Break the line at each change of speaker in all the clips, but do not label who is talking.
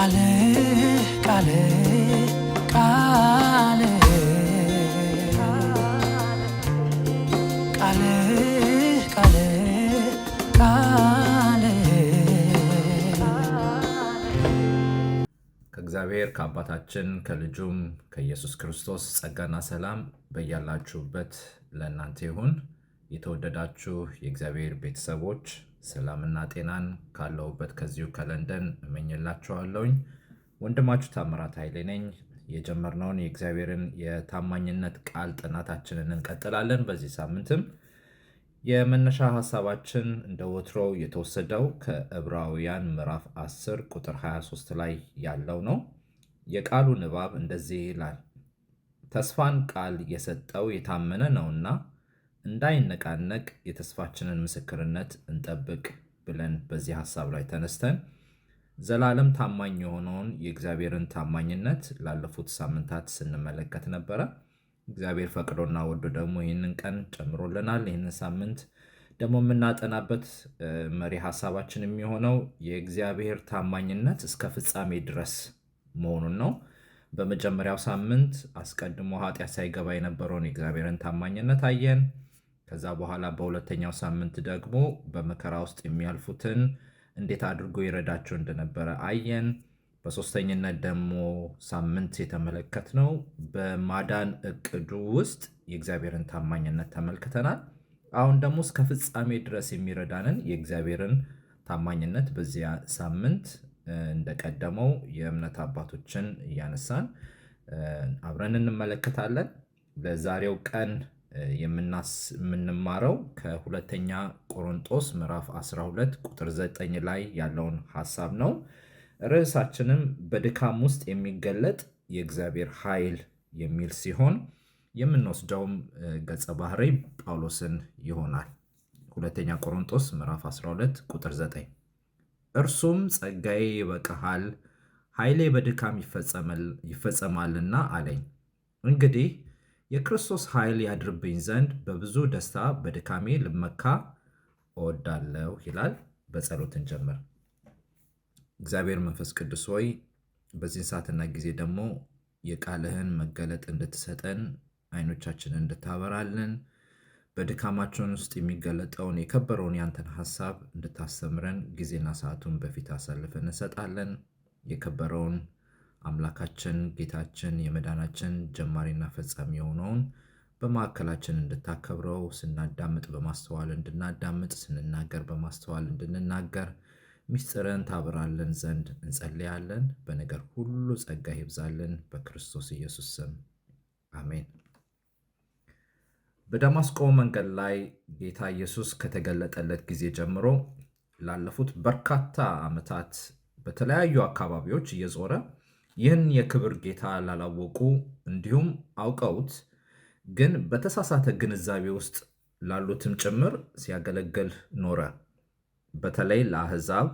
ቃል ከእግዚአብሔር ከአባታችን ከልጁም ከኢየሱስ ክርስቶስ ጸጋና ሰላም በያላችሁበት ለእናንተ ይሁን። የተወደዳችሁ የእግዚአብሔር ቤተሰቦች ሰላምና ጤናን ካለሁበት ከዚሁ ከለንደን እመኝላችኋለሁኝ። ወንድማችሁ ታምራት ኃይሌ ነኝ። የጀመርነውን የእግዚአብሔርን የታማኝነት ቃል ጥናታችንን እንቀጥላለን። በዚህ ሳምንትም የመነሻ ሀሳባችን እንደ ወትሮው የተወሰደው ከዕብራውያን ምዕራፍ 10 ቁጥር 23 ላይ ያለው ነው። የቃሉ ንባብ እንደዚህ ይላል፣ ተስፋን ቃል የሰጠው የታመነ ነውና እንዳይነቃነቅ የተስፋችንን ምስክርነት እንጠብቅ ብለን በዚህ ሀሳብ ላይ ተነስተን ዘላለም ታማኝ የሆነውን የእግዚአብሔርን ታማኝነት ላለፉት ሳምንታት ስንመለከት ነበረ። እግዚአብሔር ፈቅዶና ወዶ ደግሞ ይህንን ቀን ጨምሮልናል። ይህንን ሳምንት ደግሞ የምናጠናበት መሪ ሀሳባችን የሚሆነው የእግዚአብሔር ታማኝነት እስከ ፍጻሜ ድረስ መሆኑን ነው። በመጀመሪያው ሳምንት አስቀድሞ ኃጢአት ሳይገባ የነበረውን የእግዚአብሔርን ታማኝነት አየን። ከዛ በኋላ በሁለተኛው ሳምንት ደግሞ በመከራ ውስጥ የሚያልፉትን እንዴት አድርጎ ይረዳቸው እንደነበረ አየን። በሶስተኝነት ደግሞ ሳምንት ነው በማዳን እቅዱ ውስጥ የእግዚአብሔርን ታማኝነት ተመልክተናል። አሁን ደግሞ እስከ ፍጻሜ ድረስ የሚረዳንን የእግዚአብሔርን ታማኝነት በዚያ ሳምንት እንደቀደመው የእምነት አባቶችን እያነሳን አብረን እንመለከታለን። ለዛሬው ቀን የምንማረው ከሁለተኛ ቆሮንጦስ ምዕራፍ 12 ቁጥር 9 ላይ ያለውን ሐሳብ ነው። ርዕሳችንም በድካም ውስጥ የሚገለጥ የእግዚአብሔር ኃይል የሚል ሲሆን የምንወስደውም ገጸ ባህሪ ጳውሎስን ይሆናል። ሁለተኛ ቆሮንጦስ ምዕራፍ 12 ቁጥር 9 እርሱም ጸጋዬ ይበቃሃል፣ ኃይሌ በድካም ይፈጸማልና አለኝ። እንግዲህ የክርስቶስ ኃይል ያድርብኝ ዘንድ በብዙ ደስታ በድካሜ ልመካ እወዳለሁ ይላል። በጸሎት እንጀምር። እግዚአብሔር መንፈስ ቅዱስ ሆይ በዚህን ሰዓትና ጊዜ ደግሞ የቃልህን መገለጥ እንድትሰጠን አይኖቻችንን እንድታበራልን በድካማችን ውስጥ የሚገለጠውን የከበረውን ያንተን ሀሳብ እንድታስተምረን ጊዜና ሰዓቱን በፊት አሳልፈን እንሰጣለን። የከበረውን አምላካችን ጌታችን የመዳናችን ጀማሪና ፈጻሚ የሆነውን በማዕከላችን እንድታከብረው ስናዳምጥ በማስተዋል እንድናዳምጥ ስንናገር በማስተዋል እንድንናገር ሚስጥርን ታብራለን ዘንድ እንጸልያለን። በነገር ሁሉ ጸጋ ይብዛልን። በክርስቶስ ኢየሱስ ስም አሜን። በደማስቆ መንገድ ላይ ጌታ ኢየሱስ ከተገለጠለት ጊዜ ጀምሮ ላለፉት በርካታ ዓመታት በተለያዩ አካባቢዎች እየዞረ ይህን የክብር ጌታ ላላወቁ እንዲሁም አውቀውት ግን በተሳሳተ ግንዛቤ ውስጥ ላሉትም ጭምር ሲያገለግል ኖረ። በተለይ ለአሕዛብ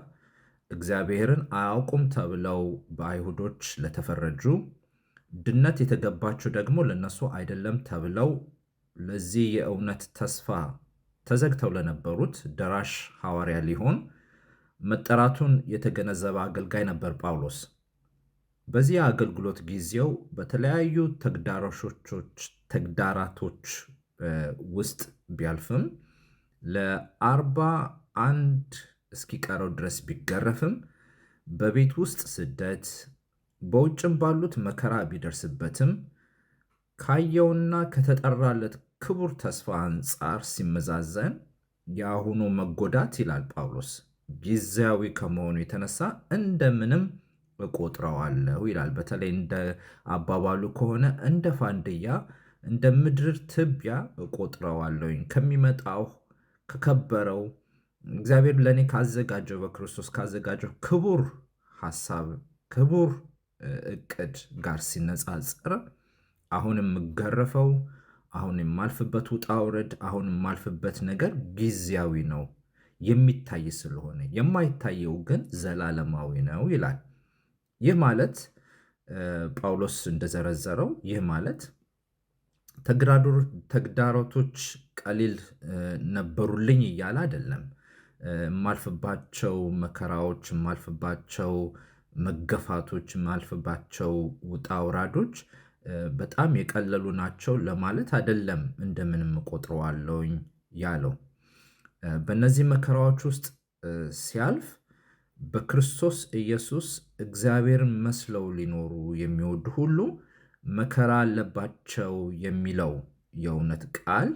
እግዚአብሔርን አያውቁም ተብለው በአይሁዶች ለተፈረጁ፣ ድነት የተገባችው ደግሞ ለነሱ አይደለም ተብለው ለዚህ የእውነት ተስፋ ተዘግተው ለነበሩት ደራሽ ሐዋርያ ሊሆን መጠራቱን የተገነዘበ አገልጋይ ነበር ጳውሎስ። በዚህ አገልግሎት ጊዜው በተለያዩ ተግዳራቶች ውስጥ ቢያልፍም ለአርባ አንድ እስኪቀረው ድረስ ቢገረፍም በቤት ውስጥ ስደት በውጭም ባሉት መከራ ቢደርስበትም ካየውና ከተጠራለት ክቡር ተስፋ አንጻር ሲመዛዘን የአሁኑ መጎዳት ይላል ጳውሎስ ጊዜያዊ ከመሆኑ የተነሳ እንደምንም እቆጥረዋለሁ ይላል። በተለይ እንደ አባባሉ ከሆነ እንደ ፋንድያ እንደ ምድር ትቢያ እቆጥረዋለሁኝ ከሚመጣው ከከበረው እግዚአብሔር ለእኔ ካዘጋጀው በክርስቶስ ካዘጋጀው ክቡር ሀሳብ ክቡር እቅድ ጋር ሲነጻጸር አሁን የምገረፈው አሁን የማልፍበት ውጣ ውረድ አሁን የማልፍበት ነገር ጊዜያዊ ነው የሚታይ ስለሆነ የማይታየው ግን ዘላለማዊ ነው ይላል። ይህ ማለት ጳውሎስ እንደዘረዘረው ይህ ማለት ተግዳሮቶች ቀሊል ነበሩልኝ እያለ አይደለም። የማልፍባቸው መከራዎች፣ የማልፍባቸው መገፋቶች፣ የማልፍባቸው ውጣ ውራዶች በጣም የቀለሉ ናቸው ለማለት አይደለም። እንደምንም እቆጥረዋለሁኝ ያለው በእነዚህ መከራዎች ውስጥ ሲያልፍ በክርስቶስ ኢየሱስ እግዚአብሔርን መስለው ሊኖሩ የሚወዱ ሁሉ መከራ አለባቸው የሚለው የእውነት ቃል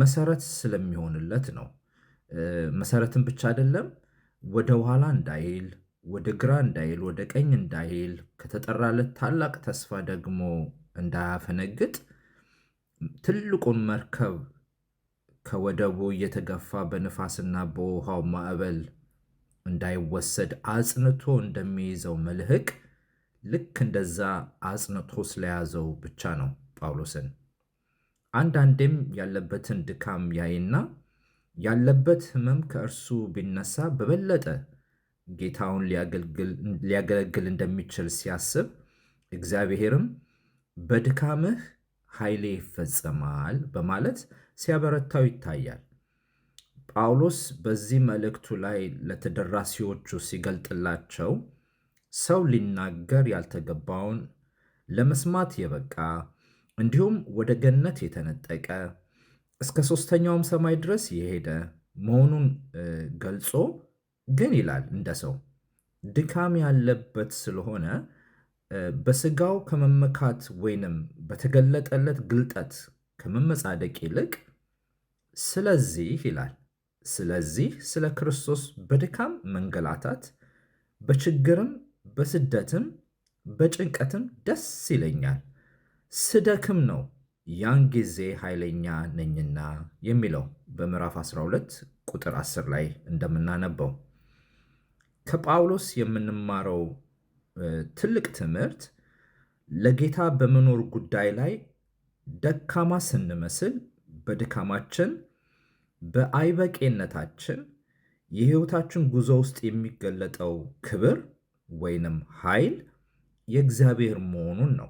መሰረት ስለሚሆንለት ነው። መሰረትን ብቻ አይደለም፣ ወደ ኋላ እንዳይል፣ ወደ ግራ እንዳይል፣ ወደ ቀኝ እንዳይል፣ ከተጠራለት ታላቅ ተስፋ ደግሞ እንዳያፈነግጥ ትልቁን መርከብ ከወደቡ እየተገፋ በንፋስና በውሃው ማዕበል እንዳይወሰድ አጽንቶ እንደሚይዘው መልህቅ ልክ እንደዛ አጽንቶ ስለያዘው ብቻ ነው ጳውሎስን። አንዳንዴም ያለበትን ድካም ያይና ያለበት ሕመም ከእርሱ ቢነሳ በበለጠ ጌታውን ሊያገለግል እንደሚችል ሲያስብ እግዚአብሔርም በድካምህ ኃይሌ ይፈጸማል በማለት ሲያበረታው ይታያል። ጳውሎስ በዚህ መልእክቱ ላይ ለተደራሲዎቹ ሲገልጥላቸው ሰው ሊናገር ያልተገባውን ለመስማት የበቃ እንዲሁም ወደ ገነት የተነጠቀ እስከ ሦስተኛውም ሰማይ ድረስ የሄደ መሆኑን ገልጾ ግን ይላል እንደ ሰው ድካም ያለበት ስለሆነ በስጋው ከመመካት ወይንም በተገለጠለት ግልጠት ከመመጻደቅ ይልቅ ስለዚህ ይላል ስለዚህ ስለ ክርስቶስ በድካም መንገላታት፣ በችግርም በስደትም በጭንቀትም ደስ ይለኛል፣ ስደክም ነው ያን ጊዜ ኃይለኛ ነኝና የሚለው በምዕራፍ 12 ቁጥር 10 ላይ እንደምናነበው ከጳውሎስ የምንማረው ትልቅ ትምህርት ለጌታ በመኖር ጉዳይ ላይ ደካማ ስንመስል በድካማችን በአይበቄነታችን የህይወታችን ጉዞ ውስጥ የሚገለጠው ክብር ወይንም ኃይል የእግዚአብሔር መሆኑን ነው።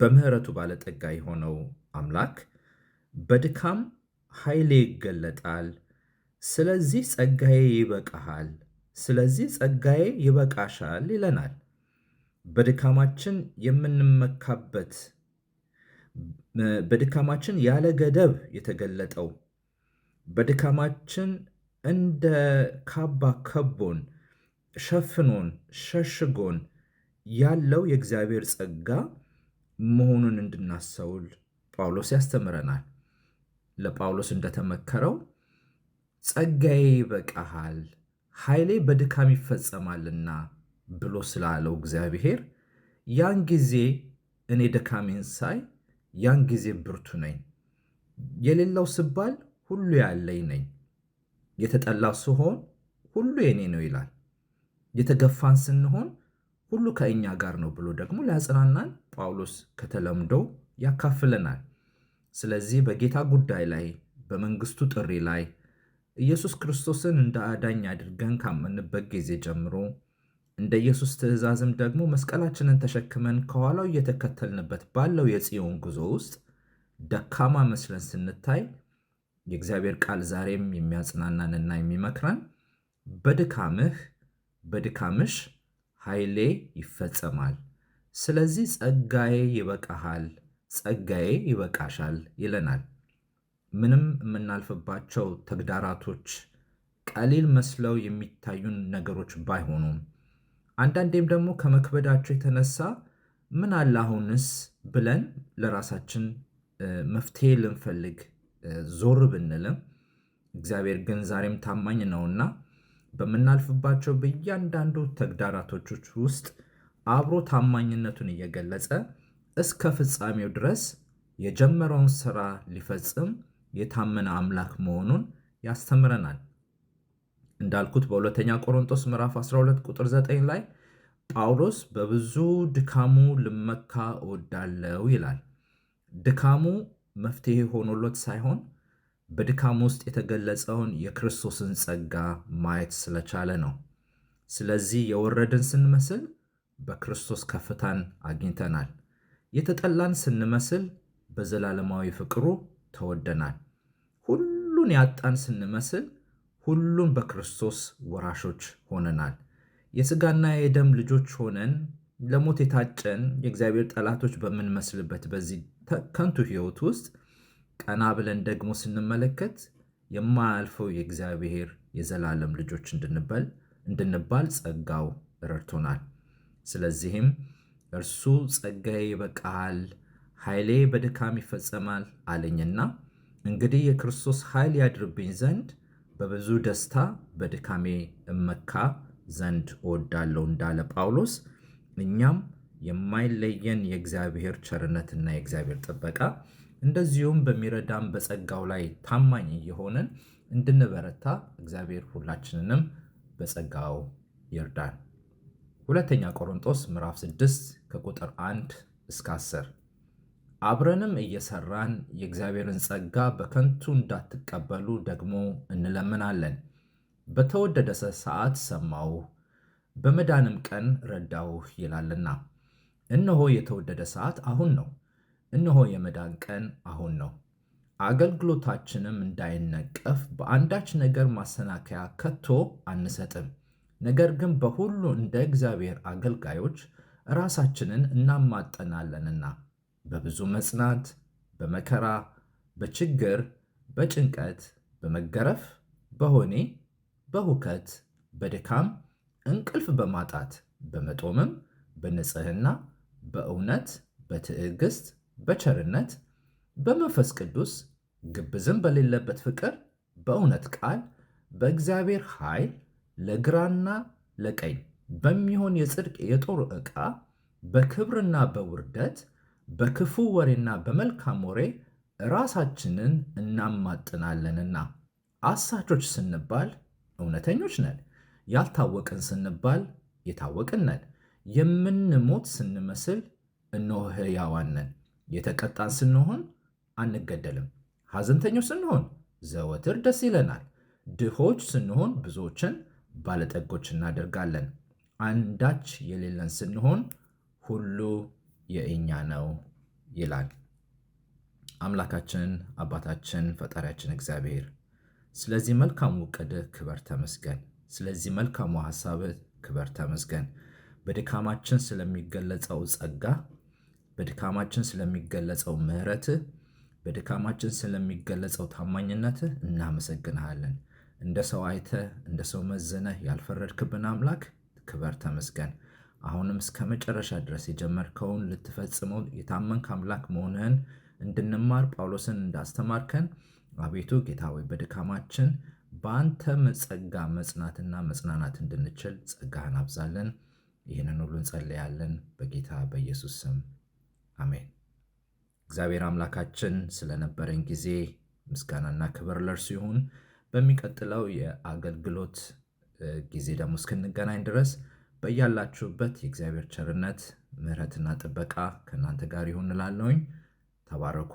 በምህረቱ ባለጠጋ የሆነው አምላክ በድካም ኃይሌ ይገለጣል፣ ስለዚህ ጸጋዬ ይበቃሃል፣ ስለዚህ ጸጋዬ ይበቃሻል ይለናል። በድካማችን የምንመካበት በድካማችን ያለ ገደብ የተገለጠው በድካማችን እንደ ካባ ከቦን ሸፍኖን ሸሽጎን ያለው የእግዚአብሔር ጸጋ መሆኑን እንድናስተውል ጳውሎስ ያስተምረናል። ለጳውሎስ እንደተመከረው ጸጋዬ ይበቃሃል፣ ኃይሌ በድካም ይፈጸማልና ብሎ ስላለው እግዚአብሔር ያን ጊዜ እኔ ድካሜን ሳይ ያን ጊዜ ብርቱ ነኝ የሌለው ስባል ሁሉ ያለኝ ነኝ። የተጠላው ስሆን ሁሉ የኔ ነው ይላል። የተገፋን ስንሆን ሁሉ ከእኛ ጋር ነው ብሎ ደግሞ ሊያጽናናን ጳውሎስ ከተለምዶ ያካፍለናል። ስለዚህ በጌታ ጉዳይ ላይ በመንግስቱ ጥሪ ላይ ኢየሱስ ክርስቶስን እንደ አዳኝ አድርገን ካመንበት ጊዜ ጀምሮ እንደ ኢየሱስ ትእዛዝም ደግሞ መስቀላችንን ተሸክመን ከኋላው እየተከተልንበት ባለው የጽዮን ጉዞ ውስጥ ደካማ መስለን ስንታይ የእግዚአብሔር ቃል ዛሬም የሚያጽናናንና የሚመክረን በድካምህ በድካምሽ ኃይሌ ይፈጸማል፣ ስለዚህ ጸጋዬ ይበቃሃል፣ ጸጋዬ ይበቃሻል ይለናል። ምንም የምናልፍባቸው ተግዳራቶች ቀሊል መስለው የሚታዩን ነገሮች ባይሆኑም አንዳንዴም ደግሞ ከመክበዳቸው የተነሳ ምን አለ አሁንስ ብለን ለራሳችን መፍትሄ ልንፈልግ ዞር ብንልም እግዚአብሔር ግን ዛሬም ታማኝ ነውና በምናልፍባቸው በእያንዳንዱ ተግዳራቶች ውስጥ አብሮ ታማኝነቱን እየገለጸ እስከ ፍጻሜው ድረስ የጀመረውን ስራ ሊፈጽም የታመነ አምላክ መሆኑን ያስተምረናል። እንዳልኩት በሁለተኛ ቆሮንቶስ ምዕራፍ 12 ቁጥር 9 ላይ ጳውሎስ በብዙ ድካሙ ልመካ እወዳለሁ ይላል። ድካሙ መፍትሄ ሆኖሎት ሳይሆን በድካም ውስጥ የተገለጸውን የክርስቶስን ጸጋ ማየት ስለቻለ ነው። ስለዚህ የወረድን ስንመስል በክርስቶስ ከፍታን አግኝተናል። የተጠላን ስንመስል በዘላለማዊ ፍቅሩ ተወደናል። ሁሉን ያጣን ስንመስል ሁሉን በክርስቶስ ወራሾች ሆነናል። የሥጋና የደም ልጆች ሆነን ለሞት የታጨን የእግዚአብሔር ጠላቶች በምንመስልበት በዚህ ከንቱ ህይወት ውስጥ ቀና ብለን ደግሞ ስንመለከት የማያልፈው የእግዚአብሔር የዘላለም ልጆች እንድንበል እንድንባል ጸጋው ረድቶናል። ስለዚህም እርሱ ጸጋዬ ይበቃሃል፣ ኃይሌ በድካም ይፈጸማል አለኝና እንግዲህ የክርስቶስ ኃይል ያድርብኝ ዘንድ በብዙ ደስታ በድካሜ እመካ ዘንድ እወዳለሁ እንዳለ ጳውሎስ እኛም የማይለየን የእግዚአብሔር ቸርነትና የእግዚአብሔር ጥበቃ እንደዚሁም በሚረዳም በጸጋው ላይ ታማኝ እየሆንን እንድንበረታ እግዚአብሔር ሁላችንንም በጸጋው ይርዳን። ሁለተኛ ቆሮንጦስ ምዕራፍ 6 ከቁጥር 1 እስከ 10 አብረንም እየሰራን የእግዚአብሔርን ጸጋ በከንቱ እንዳትቀበሉ ደግሞ እንለምናለን። በተወደደ ሰዓት ሰማው በመዳንም ቀን ረዳውህ ይላልና እነሆ የተወደደ ሰዓት አሁን ነው። እነሆ የመዳን ቀን አሁን ነው። አገልግሎታችንም እንዳይነቀፍ በአንዳች ነገር ማሰናከያ ከቶ አንሰጥም። ነገር ግን በሁሉ እንደ እግዚአብሔር አገልጋዮች ራሳችንን እናማጠናለንና በብዙ መጽናት፣ በመከራ፣ በችግር፣ በጭንቀት፣ በመገረፍ፣ በሆኔ፣ በሁከት፣ በድካም፣ እንቅልፍ በማጣት፣ በመጦምም፣ በንጽህና። በእውነት በትዕግስት በቸርነት በመንፈስ ቅዱስ ግብዝም በሌለበት ፍቅር በእውነት ቃል በእግዚአብሔር ኃይል ለግራና ለቀኝ በሚሆን የጽድቅ የጦር ዕቃ በክብርና በውርደት በክፉ ወሬና በመልካም ወሬ ራሳችንን እናማጥናለንና አሳቾች ስንባል እውነተኞች ነን፣ ያልታወቅን ስንባል የታወቅን ነን። የምንሞት ስንመስል እነሆ ሕያዋን ነን። የተቀጣን ስንሆን አንገደልም። ሐዘንተኞች ስንሆን ዘወትር ደስ ይለናል። ድሆች ስንሆን ብዙዎችን ባለጠጎች እናደርጋለን። አንዳች የሌለን ስንሆን ሁሉ የእኛ ነው ይላል። አምላካችን አባታችን ፈጣሪያችን እግዚአብሔር ስለዚህ መልካሙ ዕቅድህ ክበር ተመስገን። ስለዚህ መልካሙ ሐሳብህ ክበር ተመስገን። በድካማችን ስለሚገለጸው ጸጋ፣ በድካማችን ስለሚገለጸው ምህረት በድካማችን ስለሚገለጸው ታማኝነት እናመሰግንሃለን። እንደ ሰው አይተ እንደ ሰው መዘነ ያልፈረድክብን አምላክ ክበር ተመስገን። አሁንም እስከ መጨረሻ ድረስ የጀመርከውን ልትፈጽመው የታመንክ አምላክ መሆንህን እንድንማር ጳውሎስን እንዳስተማርከን አቤቱ ጌታ ሆይ በድካማችን በአንተ ጸጋ መጽናትና መጽናናት እንድንችል ጸጋህን አብዛለን። ይህንን ሁሉ እንጸልያለን በጌታ በኢየሱስ ስም አሜን። እግዚአብሔር አምላካችን ስለነበረን ጊዜ ምስጋናና ክብር ለእርሱ ይሁን። በሚቀጥለው የአገልግሎት ጊዜ ደግሞ እስክንገናኝ ድረስ በያላችሁበት የእግዚአብሔር ቸርነት ምሕረትና ጥበቃ ከእናንተ ጋር ይሁን እላለሁኝ። ተባረኩ።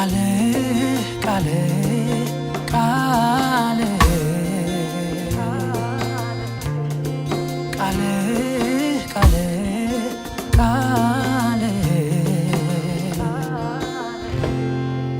አለቃ